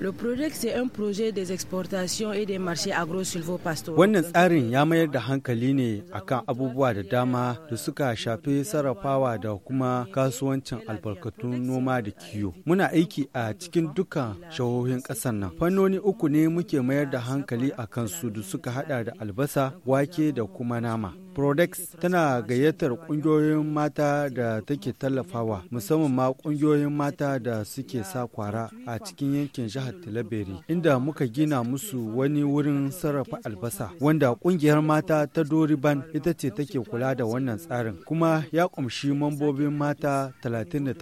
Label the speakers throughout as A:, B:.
A: Le projet c'est un projet des exportations et des marchés agro-silvopastoraux. Wannan tsarin ya mayar da hankali ne akan abubuwa da dama da suka shafi sarrafawa da kuma kasuwancin albarkatun noma da kiwo. Muna aiki a cikin dukkan shahohin ƙasar nan. Fannoni uku ne muke mayar da hankali akan su da suka hada da albasa, wake da kuma nama. prodex tana gayyatar ƙungiyoyin mata da take tallafawa musamman ma ƙungiyoyin mata da suke sa kwara a cikin yankin jihar talabere inda muka gina musu wani wurin sarrafa albasa wanda ƙungiyar mata ta doriban ita ce take kula da wannan tsarin kuma ya ƙumshi mambobin mata 38 ne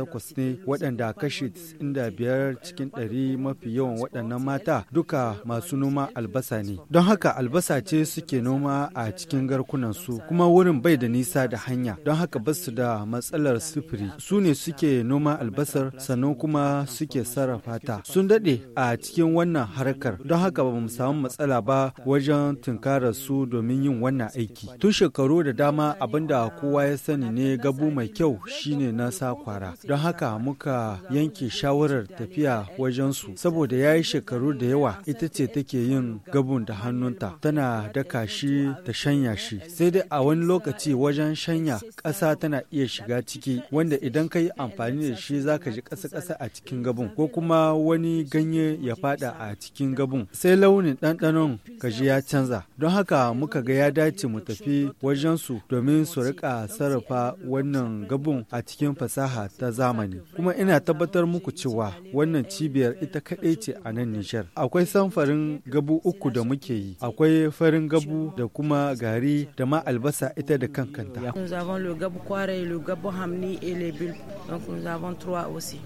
A: waɗanda kashi 95 cikin 100 mafi yawan waɗannan mata duka masu noma albasa ne don haka albasa ce suke noma a cikin garkunansu kuma wurin bai da nisa da hanya don haka ba su da matsalar sufuri su ne suke noma albasar sannan kuma suke sarrafa ta sun daɗe a cikin wannan harkar don haka ba mu samu matsala ba wajen tunkarar su domin yin wannan aiki tun shekaru da dama abinda kowa ya sani ne gabu mai kyau shine na sakwara don haka muka yanke shawarar tafiya wajen su saboda ya yi shekaru da yawa ita ce take yin gabun da hannunta tana daka shi ta shanya shi sai dai a wani lokaci wajen shanya ƙasa tana iya shiga ciki wanda idan ka yi amfani da shi za ka ji ƙasa-ƙasa a cikin gabon ko kuma wani ganye ya fada a cikin gabon sai launin ɗanɗanon kaji ya canza don haka muka ga ya dace mu tafi wajen su domin su rika sarrafa wannan gabun a cikin fasaha ta zamani kuma ina tabbatar muku cewa wannan cibiyar ita kaɗai ce a nan nishar akwai samfarin gabu uku da muke yi akwai farin gabu da kuma gari da ma ça était de kankanta. Nous avons le gabou kware, le gabou hamni et les bulbes. Donc nous avons trois aussi.